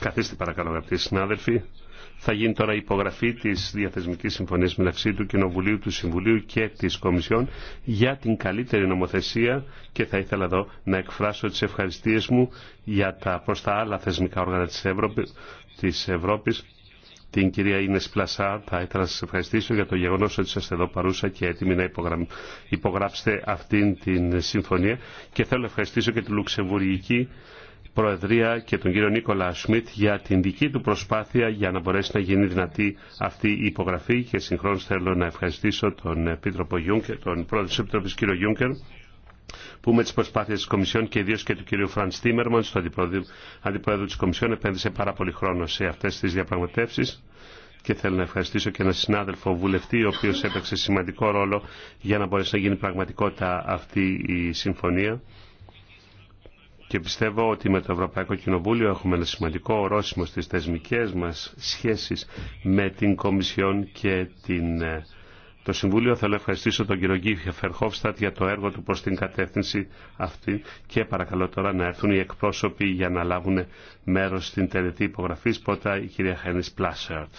Καθίστε παρακαλώ αγαπητοί συνάδελφοι. Θα γίνει τώρα η υπογραφή της διαθεσμικής συμφωνίας μεταξύ του Κοινοβουλίου, του Συμβουλίου και της Κομισιόν για την καλύτερη νομοθεσία και θα ήθελα εδώ να εκφράσω τις ευχαριστίες μου για τα προς τα άλλα θεσμικά όργανα τη Ευρώπη της Ευρώπης την κυρία Ινες Πλασά. Θα ήθελα να σας ευχαριστήσω για το γεγονός ότι είστε εδώ παρούσα και έτοιμοι να υπογράψετε αυτήν την συμφωνία. Και θέλω να ευχαριστήσω και τη Λουξεμβουργική Προεδρία και τον κύριο Νίκολα Σμιτ για την δική του προσπάθεια για να μπορέσει να γίνει δυνατή αυτή η υπογραφή. Και συγχρόνως θέλω να ευχαριστήσω τον τον πρόεδρο τη Επιτροπής κύριο Γιούγκερ που με τι προσπάθειε τη Κομισιόν και ιδίω και του κ. Φραντ Τίμερμαν, του αντιπρόεδρου τη Κομισιόν, επένδυσε πάρα πολύ χρόνο σε αυτέ τι διαπραγματεύσει. Και θέλω να ευχαριστήσω και έναν συνάδελφο βουλευτή, ο οποίο έπαιξε σημαντικό ρόλο για να μπορέσει να γίνει πραγματικότητα αυτή η συμφωνία. Και πιστεύω ότι με το Ευρωπαϊκό Κοινοβούλιο έχουμε ένα σημαντικό ορόσημο στις θεσμικές μας σχέσεις με την Κομισιόν και την ε, το Συμβούλιο. Θέλω να ευχαριστήσω τον κύριο Γκίφια Φερχόφστατ για το έργο του προς την κατεύθυνση αυτή και παρακαλώ τώρα να έρθουν οι εκπρόσωποι για να λάβουν μέρος στην τελετή υπογραφής. Πρώτα η κυρία Χένις Πλάσερτ.